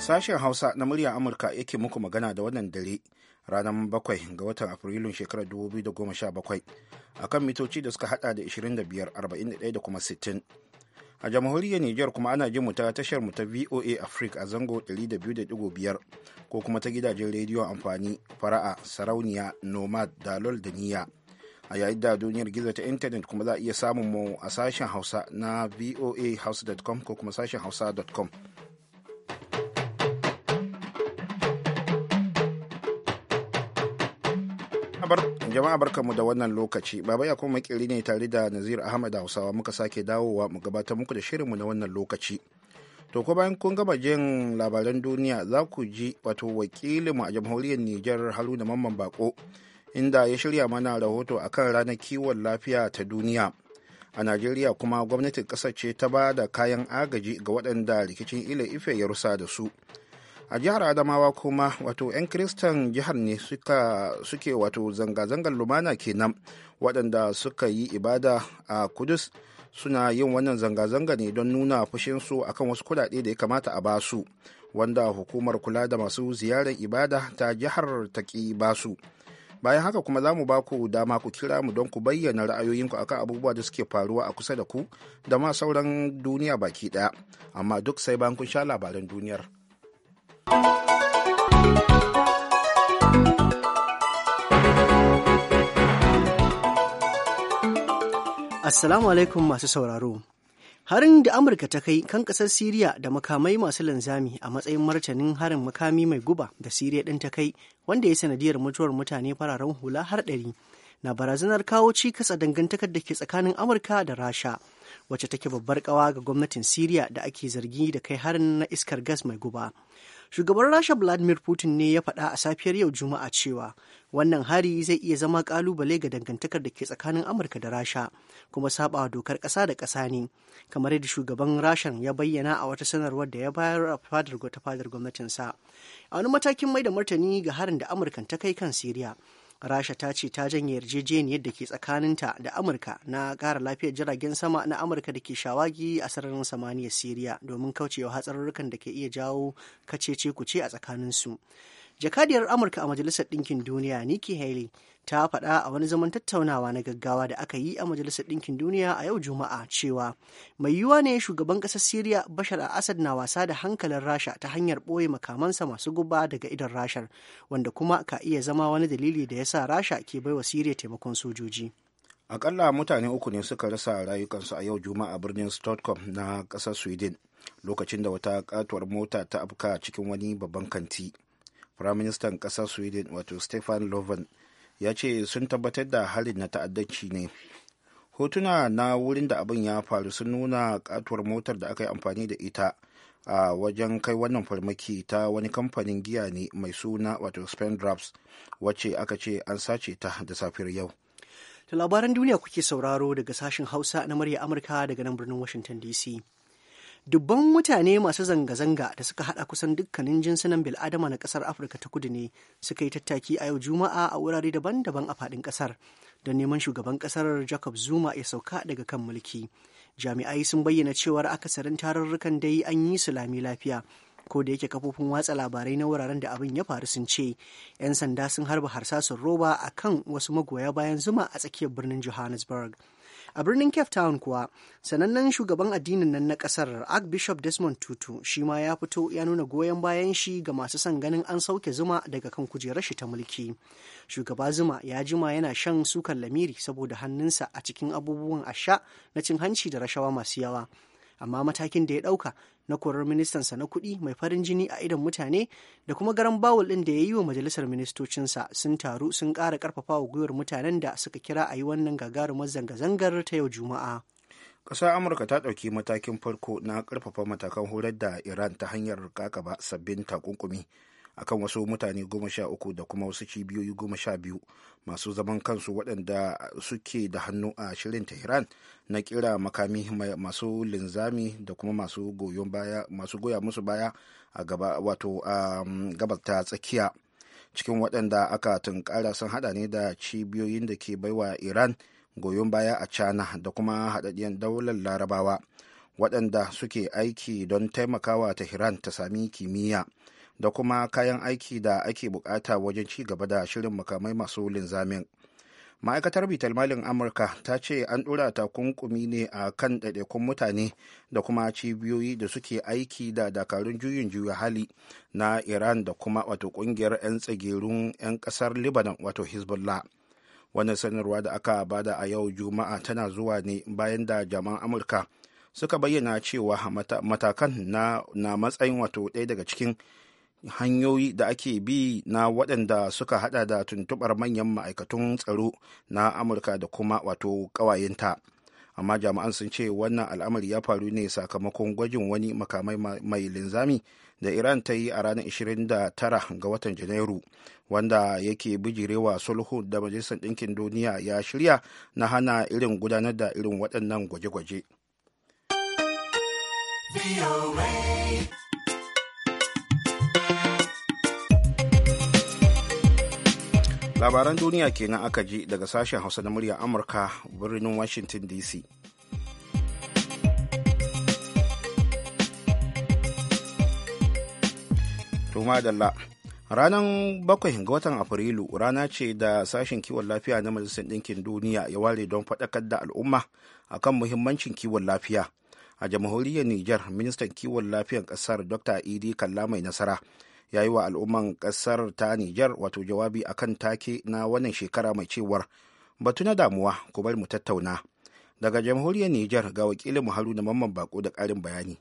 Sashen Hausa na muryar Amurka yake muku magana da wannan dare ranar bakwai ga watan Afrilun shekarar 2017 a kan mitoci da suka hada da 25, 41 da kuma 60. A jamhuriyar Nijar kuma ana jin mu ta tashar mu ta VOA Africa a zango 200.5 ko kuma ta gidajen rediyon amfani fara'a sarauniya nomad dalol da niyya. A yayin da duniyar gizo ta intanet kuma za a iya samun mu a sashen hausa na voahouse.com ko kuma sashen hausa.com. jama'a barkanmu da wannan lokaci baba ya kuma makiri ne tare da nazir ahmad hausawa muka sake dawowa mu gabatar muku da shirinmu na wannan lokaci to ko bayan kun gama jin labaran duniya za ku ji wato wakilinmu a jamhuriyar niger haruna mamman bako inda ya shirya mana rahoto akan ranar kiwon lafiya ta duniya a najeriya kuma gwamnatin ƙasa ce ta ba da kayan agaji ga waɗanda rikicin ila ife ya rusa da su a jihar adamawa kuma wato 'yan kristan jihar ne suke wato zanga-zangar lumana kenan waɗanda suka yi ibada a kudus suna yin wannan zanga-zanga ne don nuna fushinsu akan wasu kuɗaɗe da ya kamata a basu wanda hukumar kula da masu ziyarar ibada ta jihar ta ki basu bayan haka kuma za mu ba ku dama ku kira mu don ku bayyana ra'ayoyinku akan abubuwa da suke faruwa a kusa da ku da ma sauran duniya baki ɗaya amma duk sai bayan kun sha labaran duniyar. Assalamu alaikum masu sauraro. Harin da Amurka ta kai kan ƙasar Siriya da makamai masu linzami a matsayin martanin harin makami mai guba da Siriya ɗin ta kai wanda ya sanadiyar mutuwar mutane fararen hula har ɗari na barazanar kawo cikas a dangantakar da ke tsakanin Amurka da Rasha wacce take babbar ƙawa ga gwamnatin Siriya da ake zargi da kai harin na iskar gas mai guba. Shugaban Rasha Vladimir Putin ne ya faɗa a safiyar yau Juma'a cewa wannan hari zai iya zama kalubale ga dangantakar da ke tsakanin Amurka da Rasha kuma saɓawa dokar ƙasa da ƙasa ne kamar yadda shugaban Rashan ya bayyana a wata sanarwar da ya bayar a fadar gwamnatinsa. A wani matakin mai da martani ga harin da Amurkan ta kai kan Siriya. rasha ta ce ta janye yarjejeniyar da ke tsakaninta da amurka na kara lafiyar jiragen sama na amurka da ke shawagi a sararin samaniyar siriya domin kaucewa hatsarurrukan da ke iya jawo kacece kuce a tsakaninsu jakadiyar amurka a majalisar ɗinkin duniya nikki haley ta faɗa a wani zaman tattaunawa na gaggawa da aka yi a majalisar ɗinkin duniya a yau juma'a cewa mai yiwuwa ne shugaban ƙasar siriya bashar al-assad na wasa da hankalin rasha ta hanyar ɓoye makamansa masu guba daga idon rashar wanda kuma ka iya zama wani dalili da ya sa rasha ke baiwa siriya taimakon sojoji akalla mutane uku ne suka rasa rayukansu a yau juma'a birnin stockholm na ƙasar sweden lokacin da wata katuwar mota ta afka cikin wani babban kanti firaministan ƙasar sweden wato stefan loven ya ce sun tabbatar da halin na ta'addanci ne hotuna na wurin da abin ya faru sun nuna katuwar motar da aka yi amfani da ita a wajen kai wannan farmaki ta wani kamfanin giya ne mai suna wato spain drafts wacce aka ce an sace ta da safiyar yau ta labaran duniya kuke sauraro daga sashen hausa na murya amurka daga nan birnin washington dc dubban mutane masu zanga-zanga da suka hada kusan dukkanin jinsunan bil'adama na kasar afirka ta kudu ne suka yi tattaki a yau juma'a a wurare daban-daban a fadin kasar don neman shugaban kasar jacob zuma ya sauka daga kan mulki jami'ai sun bayyana cewar akasarin tarurrukan dai an yi su lami lafiya ko da yake kafofin watsa labarai na wuraren da abin ya faru sun ce 'yan sanda sun harba harsasun roba a kan wasu magoya bayan zuma a tsakiyar birnin johannesburg a birnin cape town kuwa sanannen shugaban addinin nan na kasar archbishop desmond tutu shi ma ya fito ya nuna goyon bayan shi ga masu son ganin an sauke zuma daga kan kujerar shi ta mulki shugaba zuma ya jima yana shan sukan lamiri saboda hannunsa a cikin abubuwan asha na cin hanci da rashawa masu yawa amma matakin da ya ɗauka na korar ministansa na kuɗi mai farin jini a idon mutane da kuma garan bawul ɗin da ya yi wa majalisar ministocinsa sun taru sun ƙara ƙarfafa wa gwiwar mutanen da suka kira a yi wannan gagarumar zanga-zangar ta yau juma'a. ƙasar amurka ta ɗauki matakin farko na ƙarfafa matakan horar da iran ta hanyar kakaba sabbin takunkumi akan wasu mutane goma sha uku da kuma wasu cibiyoyi goma sha biyu masu zaman kansu waɗanda suke da hannu a shirin tehran na kira makami masu linzami da kuma masu goyon baya masu goya musu baya a gaba wato a um, gabar ta tsakiya cikin waɗanda aka tunkara sun hada ne da cibiyoyin da ke baiwa iran goyon baya a china da kuma haɗaɗɗiyar daular larabawa waɗanda suke aiki don taimakawa tehran ta sami kimiyya da kuma kayan aiki da ake bukata wajen ci gaba da shirin makamai masu linzamin ma'aikatar bitar malin amurka ta ce an ɗora takunkumi ne a kan ɗaiɗaikun mutane da kuma cibiyoyi da suke aiki da dakarun juyin juya hali na iran da kuma wato ƙungiyar 'yan tsagerun 'yan ƙasar libanon wato hezbollah wannan sanarwa da aka bada a yau juma'a tana zuwa ne bayan da jama'an amurka suka bayyana cewa matakan na matsayin wato ɗaya daga cikin hanyoyi da ake bi na waɗanda suka hada da tuntubar manyan ma'aikatun tsaro na amurka da kuma wato ƙawayenta amma jami'an sun ce wannan al'amari ya faru ne sakamakon gwajin wani makamai mai linzami da iran ta yi a ranar 29 ga watan janairu wanda yake bijirewa sulhu da majalisar ɗinkin duniya ya shirya na hana irin gudanar da irin waɗannan gwaje-gwaje. labaran duniya kenan aka ji daga sashen hausa na murya amurka birnin washington dc tumadalla ranar bakwai ga watan afrilu rana ce da sashen kiwon lafiya na majalisar ɗinkin duniya ya ware don faɗakar da al'umma akan muhimmancin kiwon lafiya a jamhuriyar niger ministan kiwon lafiyar ƙasar dr idi kalla mai nasara ya yi wa al'umman ƙasar ta Nijar wato jawabi akan take na wannan shekara mai cewar batu na damuwa ku bari mu tattauna. Daga jamhuriyar Nijar ga wakilin mu Haruna Mamman Bako da ƙarin bayani.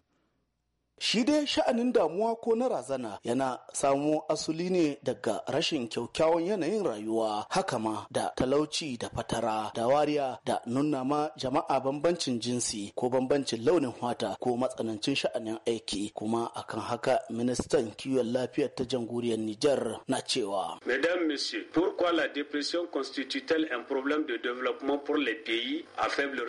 Shi dai sha'anin damuwa ko na razana yana samo asuli ne daga rashin kyaukyawan yanayin rayuwa haka ma da talauci da fatara da wariya da nuna ma jama'a bambancin jinsi ko bambancin launin fata ko matsanancin sha'anin aiki kuma akan haka ministan kiwon lafiyar ta jamhuriyar Nijar na cewa. Mesdames, pourquoi la dépression constitue t de développement pour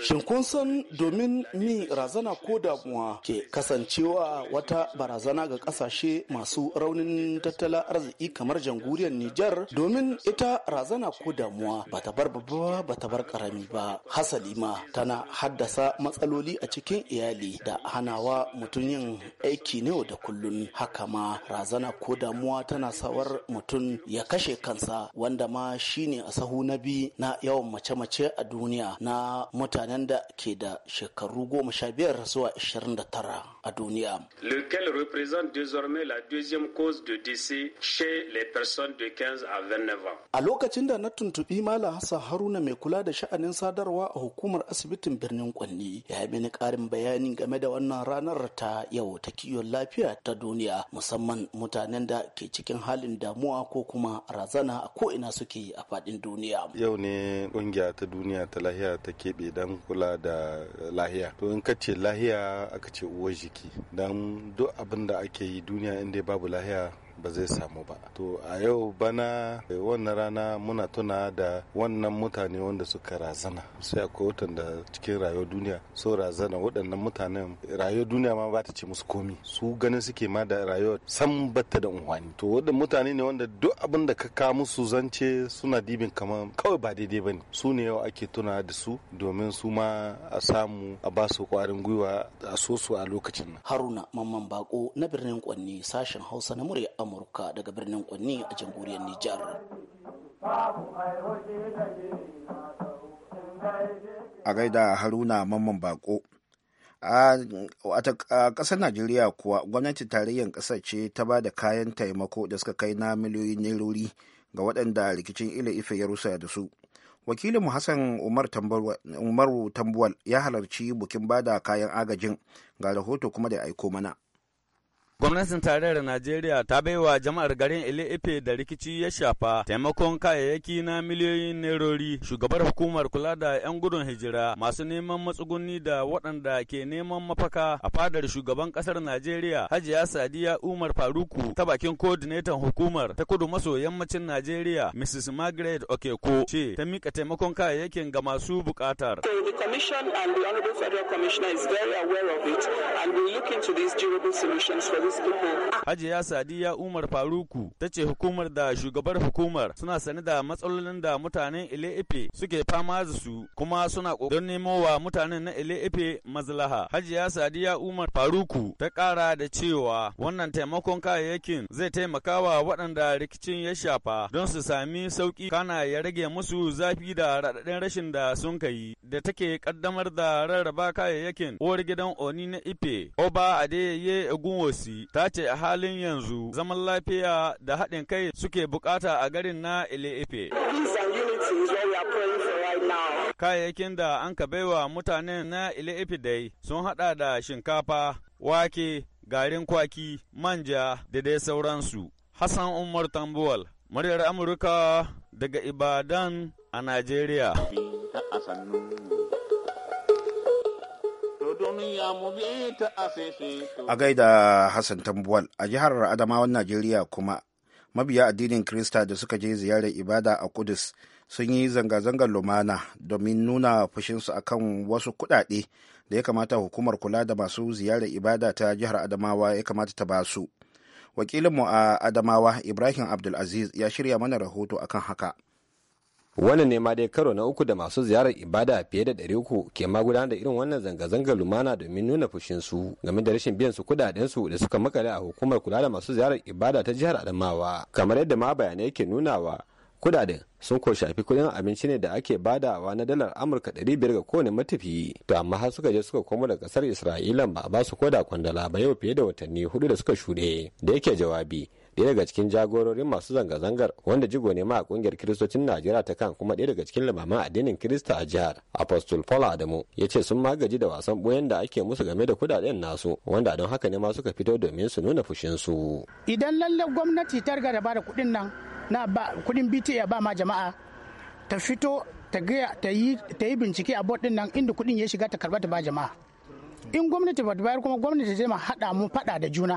Shin kun san domin ni razana ko damuwa ke kasancewa wata barazana ga kasashe masu raunin tattala arziki kamar jamhuriyar Nijar domin ita razana ko damuwa ba ta bar babba ba ta bar karami ba. Hasali ma tana haddasa matsaloli a cikin iyali da hanawa mutum yin aiki ne da kullum. Haka ma razana ko damuwa tana sawar mutum ya kashe kansa wanda ma shine a sahu na bi na yawan mace-mace a duniya na mutanen da ke da shekaru goma sha biyar zuwa ashirin da tara. a duniya. Lequel représente désormais la deuxième cause de décès chez les personnes de 15 à 29 ans. A lokacin da na tuntubi Malam Hassan Haruna mai kula da sha'anin sadarwa a hukumar asibitin birnin Kwanni ya yi mini karin bayani game da wannan ranar ta yau ta kiwon lafiya ta duniya musamman mutanen da ke cikin halin damuwa ko kuma razana a ko'ina suke a faɗin duniya. Yau ne ƙungiya ta duniya ta lahiya ta keɓe don kula da lahiya. To in ka ce lahiya aka ce uwaji jiki don duk abin da ake yi duniya inda babu lahiya ba zai samu ba to a yau bana eh, wannan rana muna tuna da wannan mutane wanda suka razana sai akwai watan da cikin rayuwar duniya so razana waɗannan mutanen rayuwar duniya ma ba ta ce musu komi su ganin suke ma da rayuwar san batta da unhwani to waɗannan mutane ne wanda duk abin da ka ka musu zance suna dibin kamar kawai ba daidai ba ne su ne yau ake tuna da su domin su ma a samu a ba su kwarin gwiwa a so su a lokacin nan haruna mamman bako na birnin kwanni sashen hausa na murya amurka daga birnin kwanni a jamhuriyar nijar a gaida haruna mamman bako a ƙasar najeriya kuwa gwamnati tarayyar ƙasar ce ta ba da kayan taimako da suka kai na miliyoyin nerori ga waɗanda rikicin ila ife ya rusa da su wakilin hassan umaru tambuwal ya halarci bukin bada kayan agajin ga rahoto kuma da aiko mana Gwamnatin tarayyar Najeriya ta baiwa jama'ar garin Ile Ife da rikici ya shafa taimakon kayayyaki na miliyoyin nerori shugabar hukumar kula da 'yan gudun hijira masu neman matsuguni da waɗanda ke neman mafaka a fadar shugaban ƙasar Najeriya Hajiya Sadiya Umar Faruku ta bakin kodinetan hukumar ta kudu maso yammacin Najeriya Mrs. Margaret Okeko ce ta mika taimakon kayayyakin ga masu buƙatar. So the commission and the honorable federal commissioner is very aware of it and we look into these durable solutions for Hajiya Sadiya Umar Faruku ta ce hukumar da shugabar hukumar suna sane da matsalolin da mutanen Ile-Ife suke fama da su kuma suna kokarin nemo wa mutanen na Ile-Ife mazlaha. Hajiya Sadiya Umar Faruku ta ƙara da cewa wannan taimakon kayayyakin zai taimaka wa waɗanda rikicin ya shafa don su sami sauki kana ya rage musu zafi da raɗaɗin rashin da sun kai da take ƙaddamar da rarraba kayayyakin uwar gidan Oni na Ife Oba Adeyeye Egunwosi ta ce a halin yanzu zaman lafiya da haɗin kai suke bukata a garin na ile Kayayyakin da an ka baiwa mutanen na ile dai sun haɗa da shinkafa, wake, garin kwaki, manja da dai sauransu. Hassan Umar Tambuwal, muryar Amurka daga Ibadan a Najeriya. a gaida hassan tambuwal a jihar adamawan najeriya kuma mabiya addinin krista da suka je ziyarar ibada a kudus sun yi zanga-zangar lumana domin nuna fushinsu akan wasu kudade da ya kamata hukumar kula da masu ziyarar ibada ta jihar adamawa ya kamata ta basu wakilinmu a adamawa ibrahim abdulaziz ya shirya mana rahoto akan haka wannan ne ma dai karo na uku da masu ziyarar ibada fiye da ɗari uku ke ma gudanar da irin wannan zanga zanga lumana domin nuna fushinsu game da rashin biyan su su da suka makale a hukumar kula da masu ziyarar ibada ta jihar adamawa kamar yadda ma bayanai yake nunawa kudaden sun ko shafi kudin abinci ne da ake badawa na dalar amurka ɗari biyar ga kowane matafiyi to amma har suka je suka komo da kasar isra'ila ba a ba su koda kwandala ba yau fiye da watanni hudu da suka shuɗe da yake jawabi ɗaya daga cikin jagororin masu zanga-zangar wanda jigo ne ma a kungiyar kiristocin najeriya ta kan kuma ɗaya daga cikin limaman addinin kirista a jihar apostle paul adamu ya ce sun magaji da wasan ɓoyen da ake musu game da kudaden nasu wanda don haka ne ma suka fito domin su nuna fushin fushinsu idan lalle gwamnati ta riga da bada kuɗin nan na ba kuɗin bta ba ma jama'a ta fito ta ta yi bincike a bot nan inda kuɗin ya shiga ta karba ta ba jama'a in gwamnati ba ta bayar kuma gwamnati zai ma haɗa mu faɗa da juna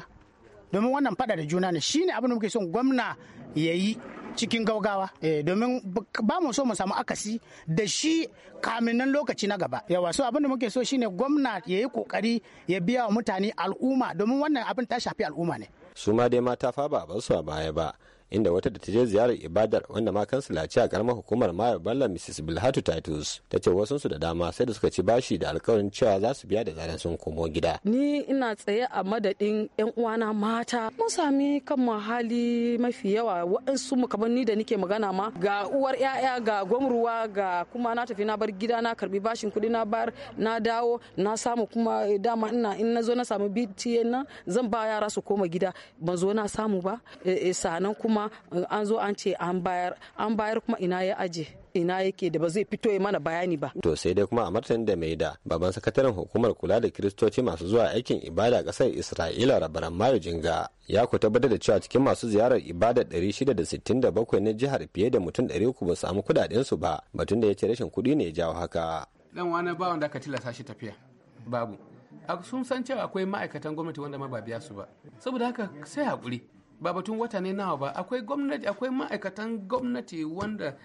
domin wannan fada da juna ne shine abin da muke son gwamna ya yi cikin gaugawa eh, domin ba mu so mu samu akasi da shi kamin lokaci na gaba yawa so abin da muke so shine gwamna ya yi kokari ya biya wa mutane al'umma domin wannan abin ta shafi al'umma ne su ma dai mata fa ba a basu a baya ba inda wata da ta je ziyarar ibadar wanda ma kansila ce a karamar hukumar mayar balla mrs bilhatu titus ta ce wasu su da dama sai da suka ci bashi da alkawarin cewa za su biya da zaran sun komo gida ni ina tsaye a madadin yan uwana mata mun sami kan hali mafi yawa waɗansu ni da nike magana ma ga uwar yaya ga gwamruwa ga kuma na tafi na bar gida na karbi bashin kuɗi na bar na dawo na samu kuma eh, dama ina in na zo na samu bta na zan ba yara su koma gida ban zo na samu ba eh, eh, sanan kuma an zo an ce an bayar an bayar kuma ina ya aje ina yake da ba zai fito ya mana bayani ba. To sai dai kuma a martanin da mai da baban sakataren hukumar kula da kiristoci masu zuwa aikin ibada a ƙasar Isra'ila rabaran Mayu Jinga ya ku tabbatar da cewa cikin masu ziyarar ibada 667 na jihar fiye da mutum 300 ba samu kudaden su ba batun da ya ce rashin kuɗi ne ya jawo haka. Dan wani ba wanda aka tilasta shi tafiya babu. sun san cewa akwai ma'aikatan gwamnati wanda ma ba biya su ba saboda haka sai haƙuri ba batun wata ne nawa ba akwai gwamnati akwai ma'aikatan gwamnati wanda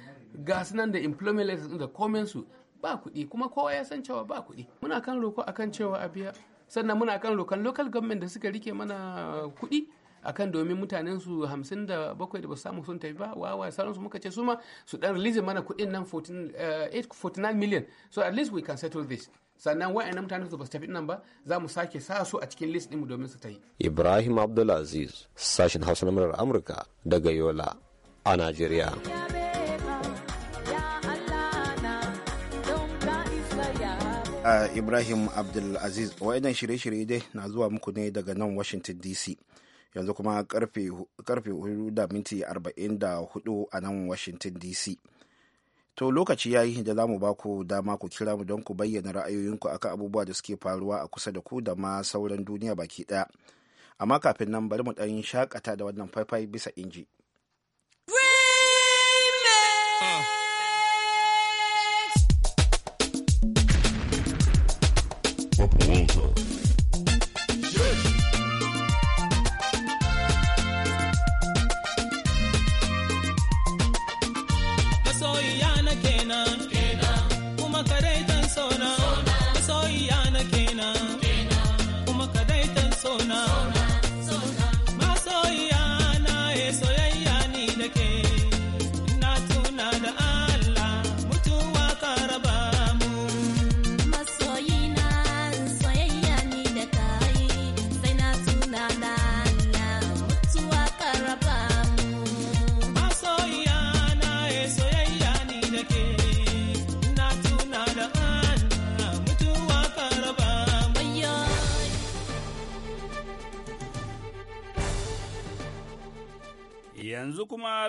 ga nan da employment da su ba kuɗi kuma kowa ya san cewa ba kuɗi muna kan roko akan cewa a biya sannan muna kan rokan local government da suka rike mana kuɗi akan domin mutanen su hamsin da bakwai da ba samu sun tafi ba wawa sauran su muka ce suma su dan release mana kuɗin nan 49 eh, million so at least we can settle this sannan wa'annan mutane su ba su tafi nan ba za mu sake sa su a cikin list ɗinmu domin su ta yi. Ibrahim Abdulaziz sashen Hausa na murar Amurka daga Yola a Najeriya. Ibrahim Abdulaziz wa'idan shirye-shirye dai na zuwa muku ne daga nan Washington DC. Yanzu kuma karfe 4:44 a nan Washington DC. to lokaci ya yi da za mu ba ku dama ku kira mu don ku bayyana ra'ayoyinku akan abubuwa da suke faruwa a kusa da ku da ma sauran duniya baki ɗaya amma kafin nan bari mu ɗan shakata da wannan faifai bisa inji.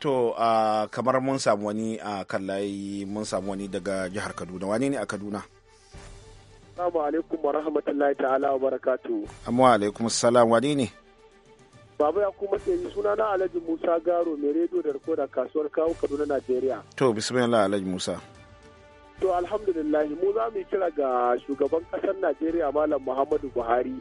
to uh, kamar mun samu wani a uh, kan layi mun samu wani daga jihar kaduna wani ne a kaduna Assalamu alaikum wa rahmatullahi ta'ala wa barakatu. Amma alaikum salam wani ne? Baba ya kuma sai suna na Alhaji Musa Garo mai rediyo da rikoda kasuwar kawo Kaduna Najeriya. To bismillah Alhaji Musa. To alhamdulillah mu za mu kira ga shugaban kasar Najeriya Malam Muhammadu Buhari.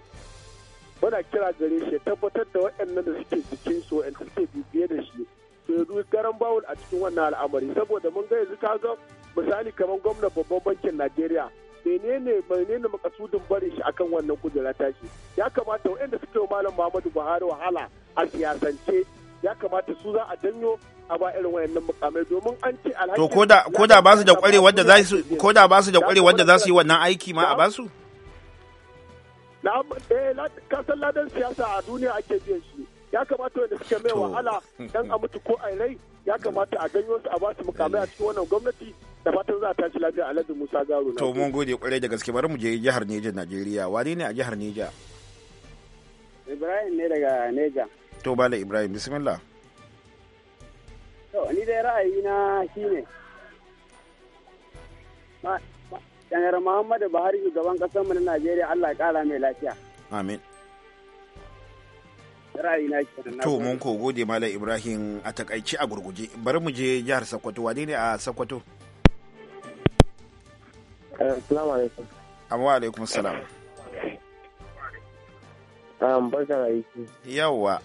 Muna kira gare shi tabbatar da waɗannan da suke jikin su waɗanda suke bibiye da shi to yanzu garan bawul a cikin wannan al'amari saboda mun ga yanzu ka ga misali kamar gwamnan babban bankin najeriya menene menene makasudin barin shi akan wannan kujera tashi ya kamata waɗanda suke wa malam muhammadu buhari wahala a siyasance ya kamata su za a janyo a ba irin wayannan mukamai domin an ce alhaji to koda koda ba su da kwarewar da za su koda ba su da kwarewar da za su yi wannan aiki ma a ba su na eh san ladan siyasa a duniya ake biyan shi ya kamata wanda suke mai wahala dan a mutu ko a rai ya kamata a ganyo su a basu mukamai a cikin wannan gwamnati da fatan za a tashi lafiya Alhaji Musa Garo To mun gode kwarai da gaske bari mu je jihar Neja Najeriya wani ne a jihar Neja? Ibrahim ne daga Neja. To bala Ibrahim bismillah. To ni dai ra'ayina shine Janar Muhammadu Buhari shugaban ƙasarmu na Najeriya Allah ya ƙara mai lafiya. Amin. ra'ayina kenan to mun ko gode malam ibrahim a takaici a gurguje bari mu je jihar sokoto wane ne a sokoto eh, assalamu alaikum amma alaikum salam um barka da aiki yawa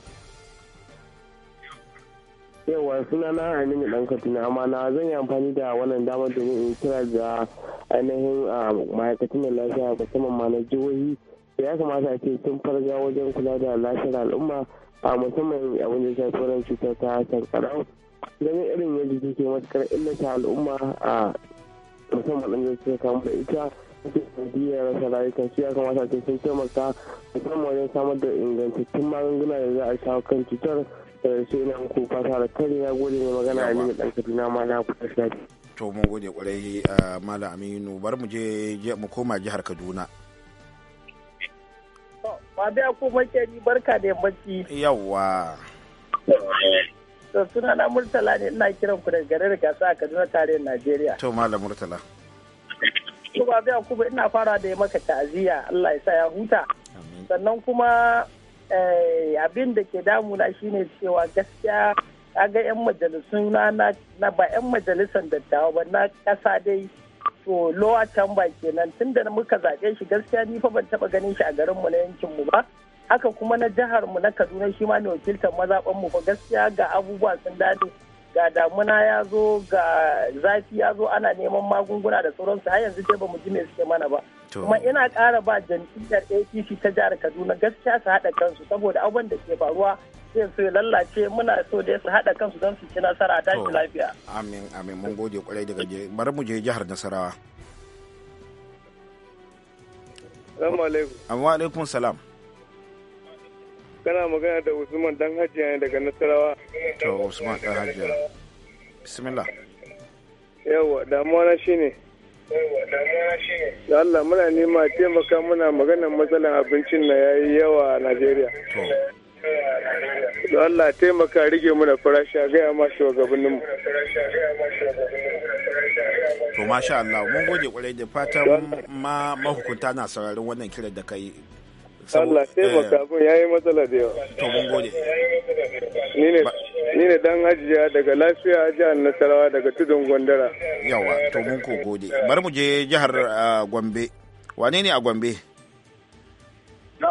yawa suna na aminu dan katina amma na zan yi amfani da wannan damar domin in kira da ainihin ah, ma'aikatan lafiya musamman ma na jihohi ya kamata a ce tun farga wajen kula da lafiyar al'umma a musamman abin da ya shafi cuta ta sankara ganin irin yadda take matukar illata al'umma a musamman ɗan jirgin suka kama da ita da rasa rayuka su ya kamata ce sun taimaka musamman wajen samar da ingantattun magunguna da za a shawo kan cutar da eh, su ina muku fata da kare ya gode mai magana a nuna ɗan kaduna ma na kuɗa shafi. to mun gode kwarai eh, malam aminu bari mu je mu koma jihar kaduna. Babu ya ko makeri barka da yammaci. Yawwa. To suna Murtala ne ina kiran ku daga garin gasa a Kaduna tare Najeriya. To Malam Murtala. To ba biya kuma ina fara da maka ta'aziyya Allah ya sa ya huta. Sannan kuma eh, abin da ke damuna shine cewa gaskiya ga 'yan majalisun na ba 'yan majalisar dattawa ba na ƙasa dai so lower chamber kenan tunda muka zaɓe shi gaskiya ni fa ban taɓa ganin shi a garin mu na mu ba haka kuma na jihar mu na Kaduna shi ma ne wakiltar mazaɓan mu fa gaskiya ga abubuwa sun dade ga damuna ya zo ga zafi ya zo ana neman magunguna da sauransu har yanzu dai mu ji me suke mana ba kuma ina ƙara ba jam'iyyar APC ta jihar Kaduna gaskiya su haɗa kansu saboda abin da ke faruwa sai su lallace muna so da su haɗa kansu don su ci nasara a tashi lafiya. Amin amin mun gode kwarai daga je bari mu je jihar Nasarawa. Assalamu alaikum. Wa alaikum salam. Kana magana da Usman dan Hajiya ne daga Nasarawa. To Usman dan Hajiya. Bismillah. Yawwa damuwa na shine. da Allah muna nema taimaka muna maganar matsalar abincin na yayi yawa a Najeriya. da Allah taimaka rige mana farashi a gaya ma shugabanninmu. To masha Allah mun gode kwarai da fatan ma mahukunta na sararin wannan kiran da kai. Allah taimaka abin ya yi matsala da yawa. To mun gode. Ni ne dan hajiya daga lafiya jihar Nasarawa daga tudun Gondara. Yawa to mun ko gode. Bari mu je jihar ah, Gombe. Wane ne a Gombe?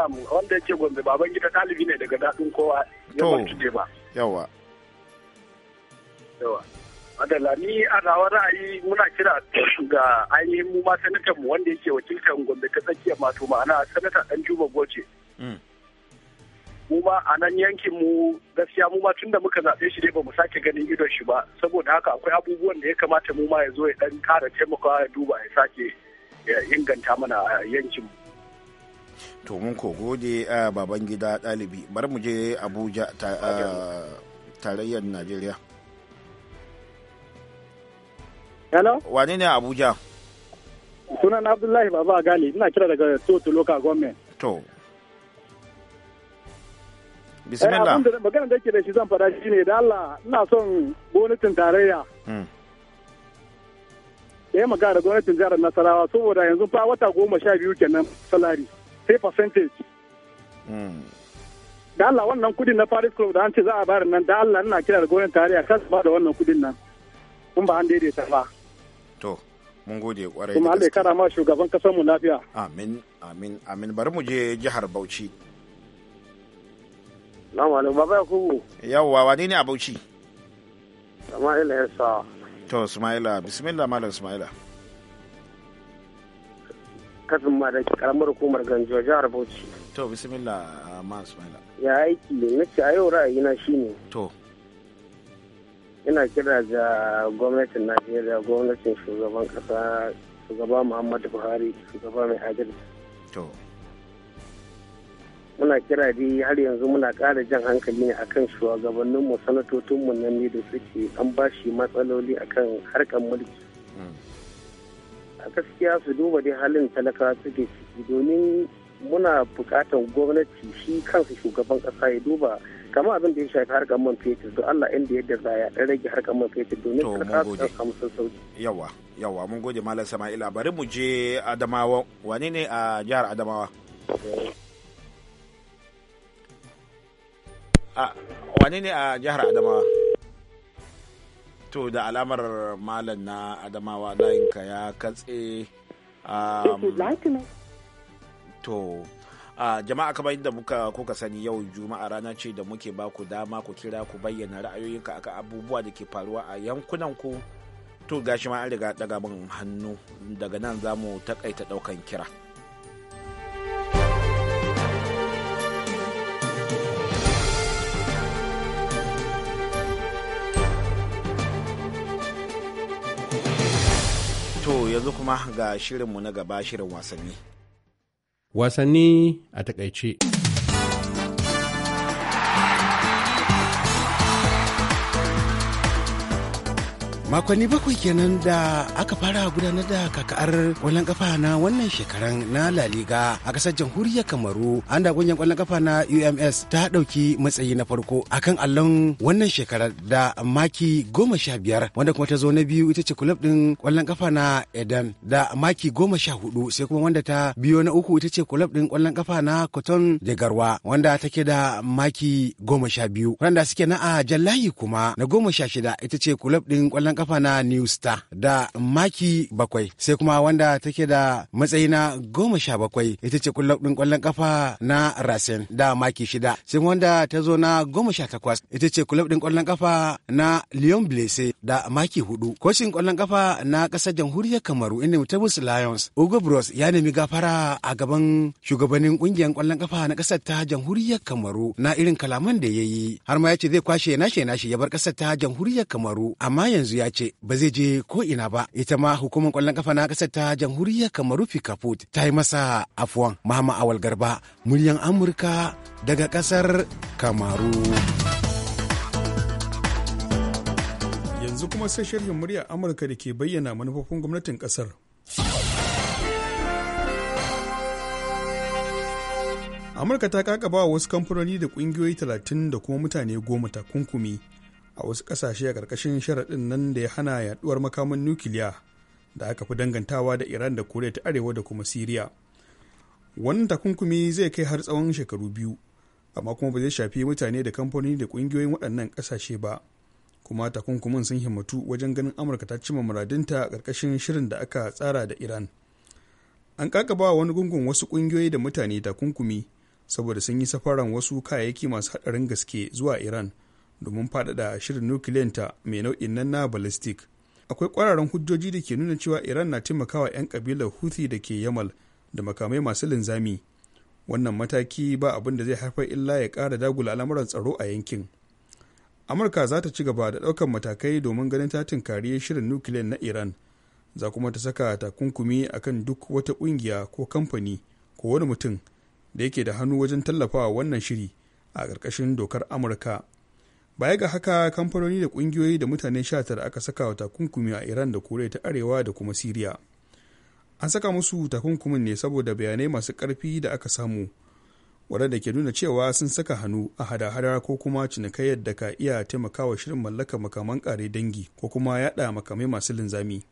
Na'am, wanda yake Gombe baban gida talibi ne daga daɗin kowa. To. ba. Yawa. Yawa. Adala ni a nawa ra'ayi muna kira ga ainihin mu ma sanatan mu wanda yake wakiltar Gombe ta tsakiyar mato ma'ana sanata ɗan Juba Goce. Mm. Mu ma a nan yankin mu gaskiya mu ma tunda muka zaɓe shi dai ba mu sake ganin idon shi ba saboda haka akwai abubuwan da ya kamata mu ma ya zo ya dan ƙara taimakawa ya duba ya sake ya inganta mana yankin mu. to mun ko gode a baban gida ɗalibi bar mu je abuja tarayyar najeriya hello wane ne abuja sunan abdullahi baba gali ina kira daga toto local government to eh, bismillah abin da magana da ke da shi zan fara ne da Allah ina son gwamnatin tarayya hmm. ya magana da gwamnatin jihar nasarawa saboda yanzu fa wata goma sha biyu kenan salari sai percentage hmm. da Allah wannan kudin na Paris Club da an ce za a bayar nan da Allah ina kira da gwamnatin tarayya kan ba da wannan kudin nan kun ba an daidaita ba to mun gode kwarai kuma Allah ya kara ma shugaban kasar mu lafiya amin amin amin bari mu je jihar Bauchi Assalamu alaikum baba Yakubu yawwa wani ne a Bauchi Sama'ila ya sa. to Sama'ila bismillah malam Sama'ila kafin ma da karamar hukumar ganjo jihar bauchi to bismillah uh, ma ismaila ya aiki na ce a yau na shine to ina kira ga gwamnatin najeriya gwamnatin shugaban kasa shugaba muhammadu buhari shugaba mai adalci to muna kira dai har yanzu muna ƙara jan hankali ne akan shugabanninmu sanatocinmu nan ne da suke an bashi matsaloli akan harkar mulki mm. a gaskiya su duba dai halin talakawa suke ciki domin muna buƙatar gwamnati shi kansa shugaban ƙasa ya duba kama abin da ya shafi harkar man fetur don Allah inda yadda za ya ɗan rage harkar man fetur domin talakawa su samu sassauci yawa yawa mun gode malam Sama'ila bari mu je Adamawa wani ne a jihar Adamawa a wane ne a jihar Adamawa to da alamar malam na adamawa layinka ya katse um, to a jama'a kamar yadda muka kuka sani yau juma'a rana ce da muke ba ku dama ku kira ku bayyana ra'ayoyinka aka abubuwa da ke faruwa a yankunan ku to gashi ma an riga daga min hannu daga nan za mu takaita daukan kira yanzu kuma ga shirinmu na gaba shirin wasanni. Wasanni a takaice. makonni bakwai kenan da aka fara gudanar da kaka'ar kwallon kafa na wannan shekaran na laliga liga a kasar jamhuriyar kamaru an da kungiyar kwallon kafa na ums ta dauki matsayi na farko akan allon wannan shekarar da maki goma sha biyar wanda kuma ta zo na biyu ita ce kulab din kwallon kafa na edan da maki goma sha hudu sai kuma wanda ta biyo na uku ita ce kulab din kwallon kafa na cotton da garwa wanda take da maki goma sha biyu wanda suke na a jallayi kuma na goma sha shida ita ce kulub din kwallon kafa na New Star da maki bakwai sai kuma wanda take da matsayi na goma sha bakwai ita ce kullum kwallon kafa na Rasen da maki shida sai wanda ta zo na goma sha takwas ita ce kullum ɗin kwallon kafa na Lyon Blese da maki hudu kocin kwallon kafa na ƙasar jamhuriyar Kamaru inda mutabus Lions Ugo Bros ya nemi gafara a gaban shugabannin ƙungiyar kwallon kafa na ƙasar ta jamhuriyar Kamaru na irin kalaman da ya yi har ma ya ce zai kwashe nashe nashe ya bar ƙasar ta jamhuriyar Kamaru amma yanzu ya ce ba zai je ko ina ba ita ma hukumar kwallon kafa na kasar ta jamhuriyar kamaru fikafut ta yi masa afuwan mahama awal garba muryan amurka daga kasar kamaru yanzu kuma sai shirin muryar amurka da ke bayyana manufofin gwamnatin kasar amurka ta kakaba wasu kamfanoni da kungiyoyi 30 da kuma mutane goma takunkumi a wasu ƙasashe a karkashin sharaɗin nan da ya hana yaɗuwar makaman nukiliya da aka fi dangantawa da iran da koriya ta arewa da kuma siriya wannan takunkumi zai kai har tsawon shekaru biyu amma kuma ba zai shafi mutane da kamfanoni da ƙungiyoyin waɗannan ƙasashe ba kuma takunkumin sun himmatu wajen ganin amurka ta cima muradinta a ƙarƙashin shirin da aka tsara da iran an kakaba wani gungun wasu ƙungiyoyi da mutane takunkumi saboda sun yi safaran wasu kayayyaki masu haɗarin gaske zuwa iran domin faɗaɗa shirin nukiliyanta mai nau'in nan na ballistic akwai kwararan hujjoji da ke nuna cewa iran na taimakawa 'yan kabilar huthi da ke yamal da makamai masu linzami wannan mataki ba abin da zai haifar illa ya ƙara dagula al'amuran tsaro a yankin amurka za ta ci gaba da ɗaukar matakai domin ganin ta tunkari shirin nukiliyan na iran za kuma ta saka takunkumi akan duk wata ƙungiya ko kamfani ko wani mutum da yake da hannu wajen tallafawa wannan shiri a ƙarƙashin dokar amurka baya ga haka kamfanoni da kungiyoyi da mutane tara aka saka wa takunkumi a iran da korea ta arewa da kuma siriya an saka musu takunkumin ne saboda bayanai masu karfi da aka samu wadanda ke nuna cewa sun saka hannu a hada-hada ko kuma cinikayyar da ka iya taimakawa shirin mallaka makaman kare dangi ko kuma yada makamai masu linzami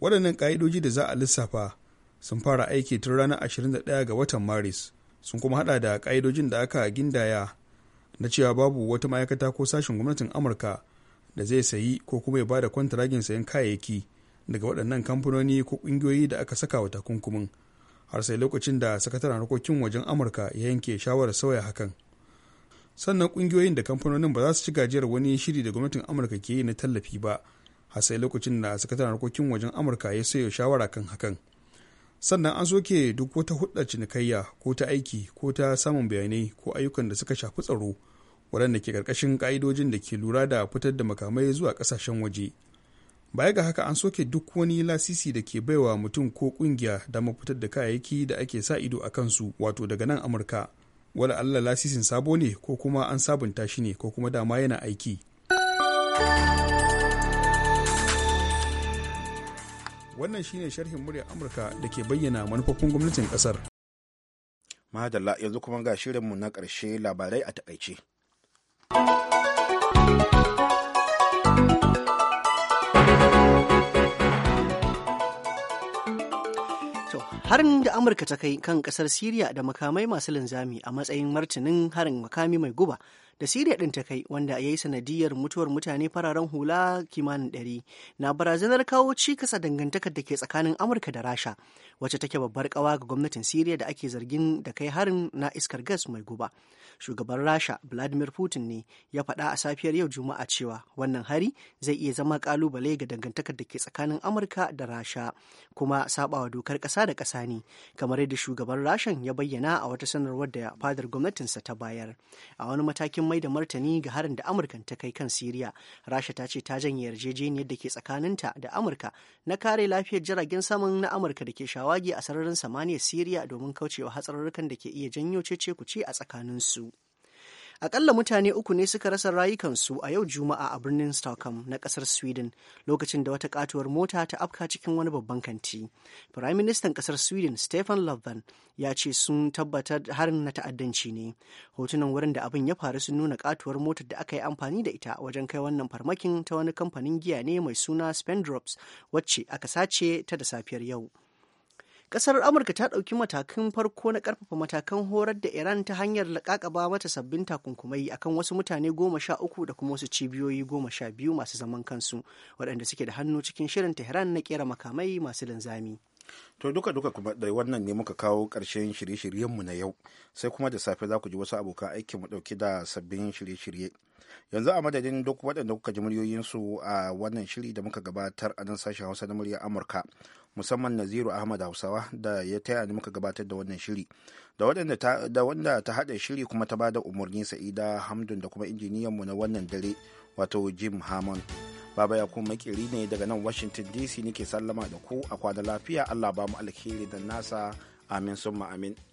waɗannan ƙa'idoji da za a lissafa sun fara aiki tun ranar 21 ga watan maris sun kuma hada da ƙa'idojin da aka gindaya na cewa babu wata ma'aikata ko sashen gwamnatin amurka da zai sayi ko kuma ya ba da kwantaragin sayan kayayyaki daga waɗannan kamfanoni ko ƙungiyoyi da aka saka wa takunkumin har sai lokacin da sakataren harkokin wajen amurka ya yanke shawarar sauya hakan sannan ƙungiyoyin da kamfanonin ba za su ci gajiyar wani shiri da gwamnatin amurka ke yi na tallafi ba har sai lokacin da sakataren harkokin wajen amurka ya sayo shawara kan hakan sannan an soke duk wata hudda cinikayya ko ta aiki ko ta samun bayanai ko ayyukan da suka shafi tsaro waɗanda ke ƙarƙashin ƙa'idojin da ke lura da fitar da makamai zuwa ƙasashen waje baya ga haka an soke duk wani lasisi da ke baiwa mutum ko ƙungiya da mafitar da kayayyaki da ake sa ido a kansu wato daga nan amurka wala allah lasisin sabo ne ko kuma an sabunta shi ne ko kuma dama yana aiki wannan shine sharhin muryar amurka da ke bayyana manufofin gwamnatin kasar madalla yanzu kuma ga shirinmu na karshe labarai a takaice harin da amurka ta kai kan kasar siriya da makamai masu linzami a matsayin martinin harin makami mai guba da siriya ɗin ta kai wanda ya yi sanadiyar mutuwar mutane fararen hula kimanin ɗari na barazanar kawo cikasa dangantakar da ke tsakanin amurka da rasha wacce take babbar kawa ga gwamnatin siriya da ake zargin da kai harin na iskar gas mai guba shugaban rasha vladimir putin ne ya faɗa a safiyar yau juma'a cewa wannan hari zai iya zama kalubale ga dangantakar da ke tsakanin amurka da rasha kuma sabawa dokar ƙasa da ƙasa ne kamar yadda shugaban rashan ya bayyana a wata sanarwar da fadar gwamnatinsa ta bayar a wani matakin mai da martani ga harin da amurka ta kai kan siriya rasha ta ce ta janye yarjejeniyar da ke tsakaninta da amurka na kare lafiyar jiragen saman na amurka da ke shawagi a sararin samaniyar siriya domin kaucewa hatsarurrukan da ke iya janyo cece kuce a tsakaninsu. su Akalla mutane uku ne suka rasa rayukansu a yau Juma'a a birnin Stockholm na kasar Sweden lokacin da wata katuwar mota ta afka cikin wani babban kanti. Firaministan kasar Sweden Stefan Löfven ya ce sun tabbatar harin na ta'addanci ne. Hotunan wurin da abin ya faru sun nuna katuwar motar da aka yi amfani da ita wajen kai wannan farmakin ta wani kamfanin giya ne mai suna Spendrops wacce aka sace ta da safiyar yau. kasar Amurka ta ɗauki matakan farko na karfafa matakan horar da Iran ta hanyar laƙaƙaba mata sabbin takunkumai akan wasu mutane goma sha uku da kuma wasu cibiyoyi goma sha biyu masu zaman kansu waɗanda suke da hannu cikin shirin Tehran na kera makamai masu linzami. To duka duka kuma da wannan ne muka kawo ƙarshen shirye-shiryenmu na yau sai kuma da safe za ku ji wasu abokan aikin mu ɗauke da sabbin shirye-shirye. yanzu a madadin duk waɗanda kuka ji muryoyinsu a wannan shiri da muka gabatar a nan sashen hausa na murya amurka musamman naziru ahmad hausawa da ya taya ni muka gabatar da wannan shiri da wanda ta haɗa shiri kuma ta bada umarni sa'ida hamdun da kuma injiniyanmu na wannan dare wato jim hammond baba ya kuma makiri ne daga nan washington dc nake sallama da ku a kwana lafiya allah ba mu alheri da nasa amin summa amin